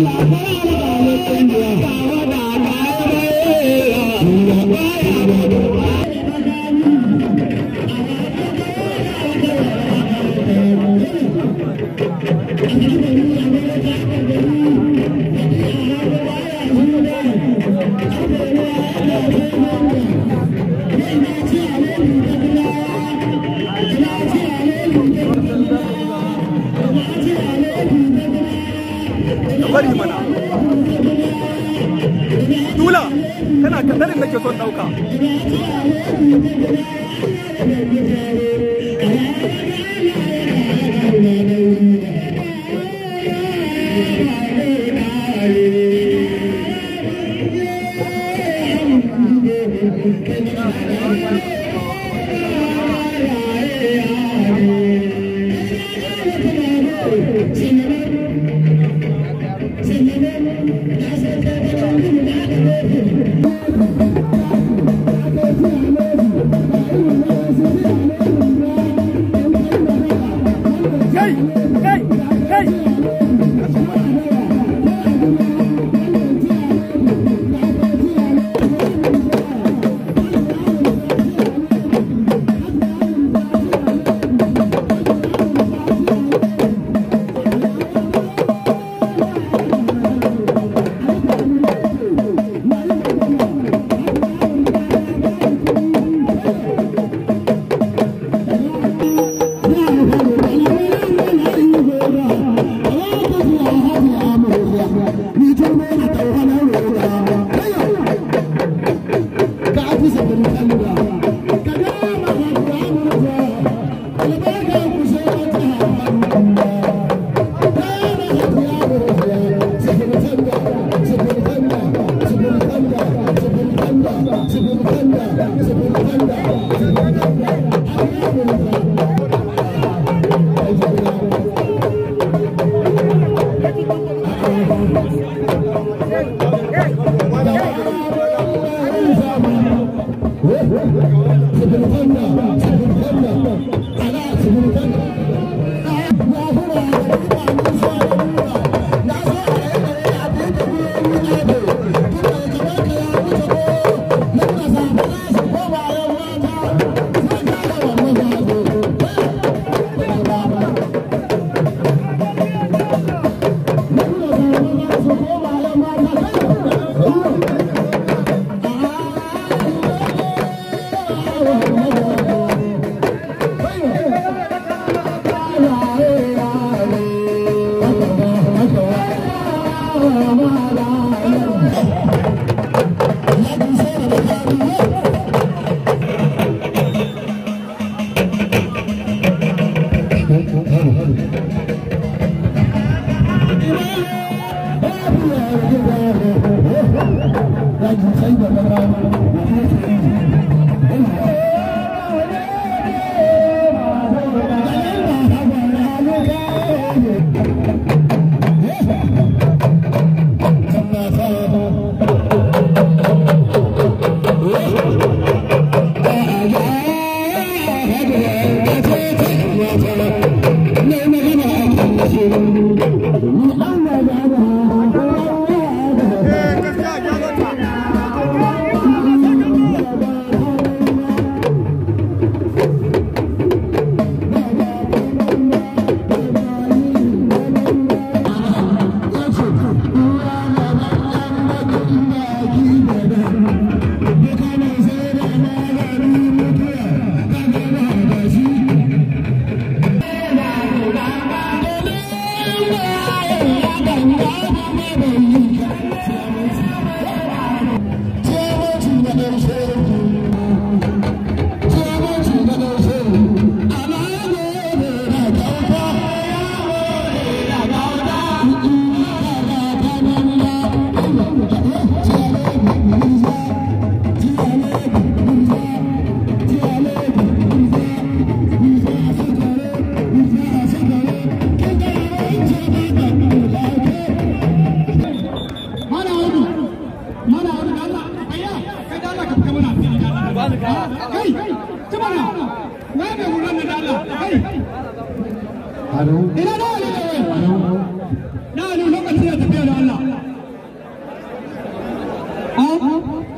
Yeah, yeah, yeah. tula kana kadarin nake son dauka Thank you. हूँ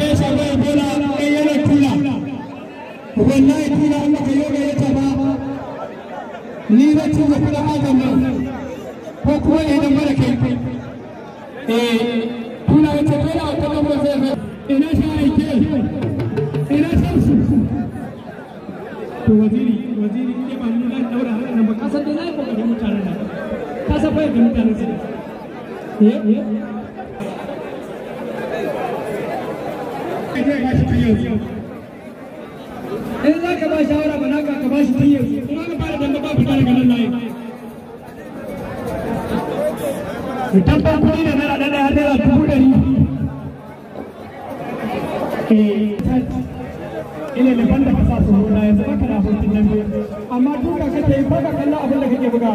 gaisa ba bola ɗan yana tula wallahi tula an maka yau da yata ni na ci ga kuɗin nan ko kuma ne dan mara kai ina shi aike ina shan su ka ba ba naka ka ba tun yanzu fara ba ne har dubu ile eh, ne banda ka sa su yanzu hutun nan biyu amma kake yi kalla abin da kake buga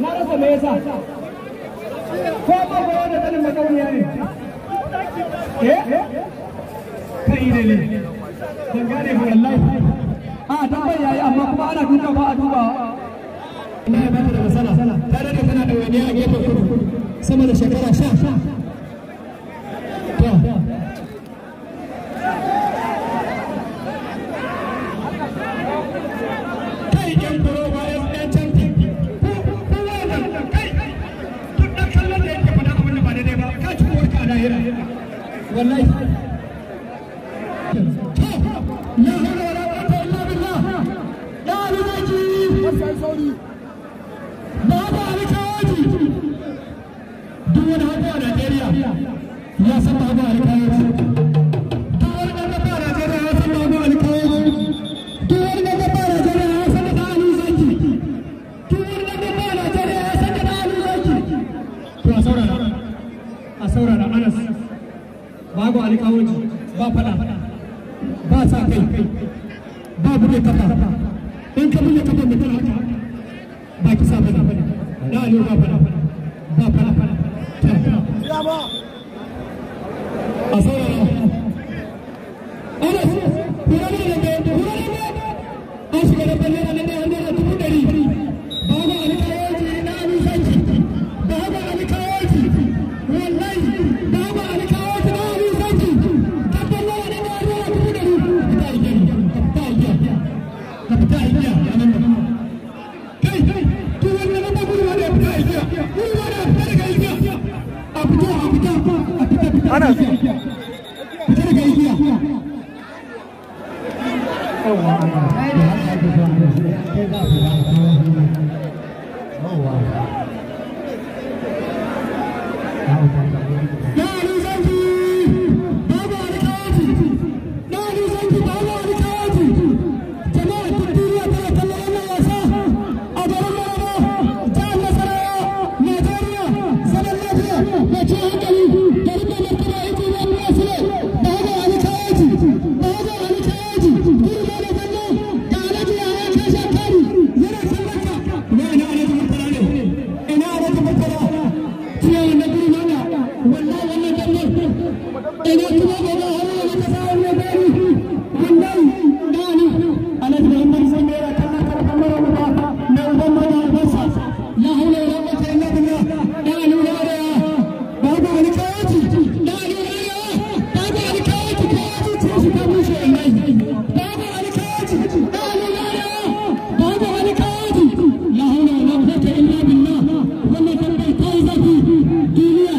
na rasa me yasa ko ba ko da tsanin makauniya ne eh kai ne ne gane wallahi tambayar yayi amma ana ba a duba ina ya bata sana ta da tana da wani a gefen kudu sama da shekara sha wallahi a saurara anas babu alkawaji ba fada Oh, wow.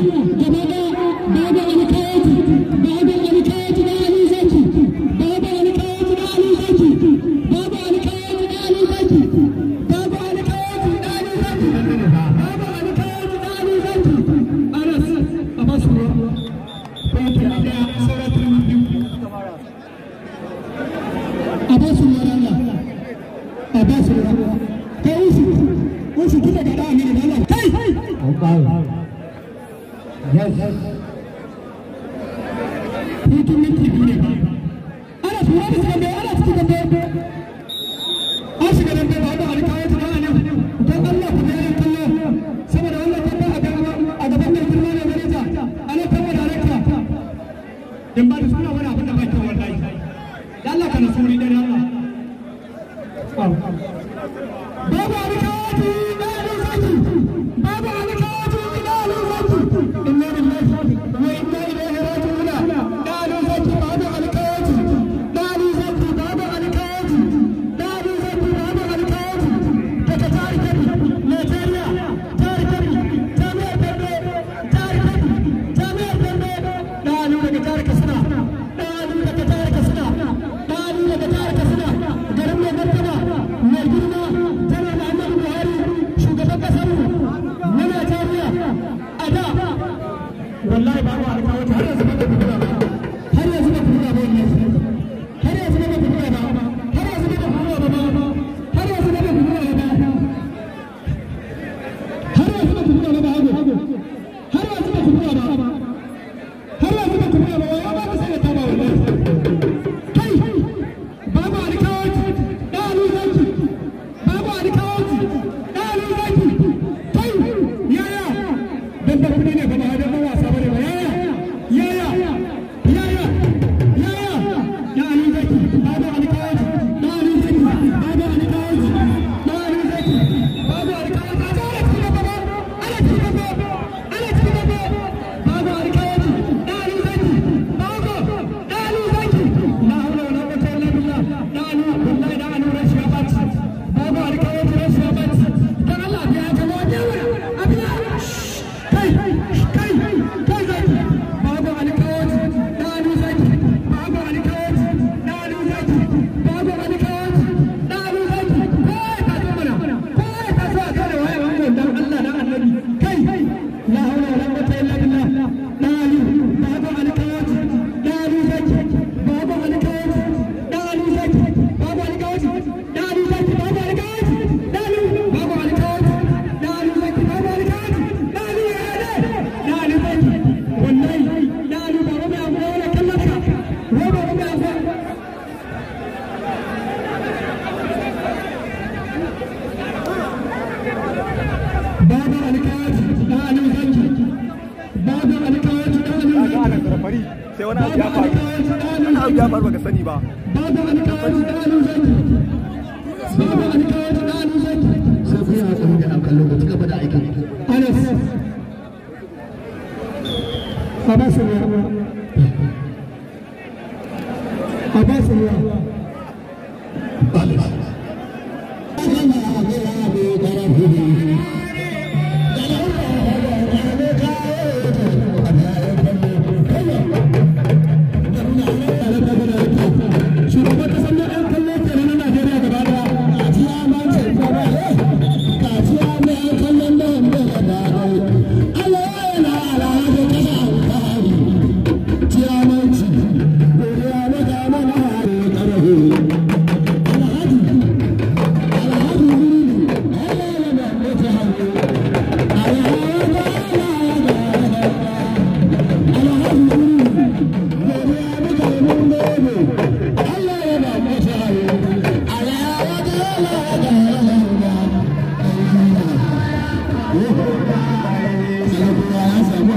Jamaica hutun minti biyu ne ba ana tura da ana cikin dambe Vanessa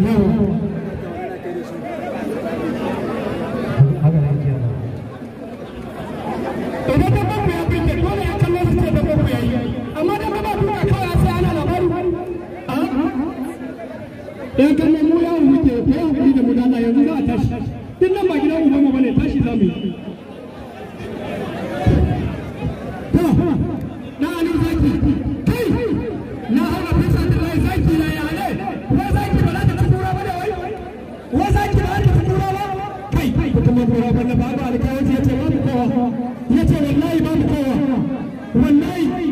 हूँ wai za ba ni ba kowa ba kai ba kuma ba ba ba ya ce kowa ya ce kowa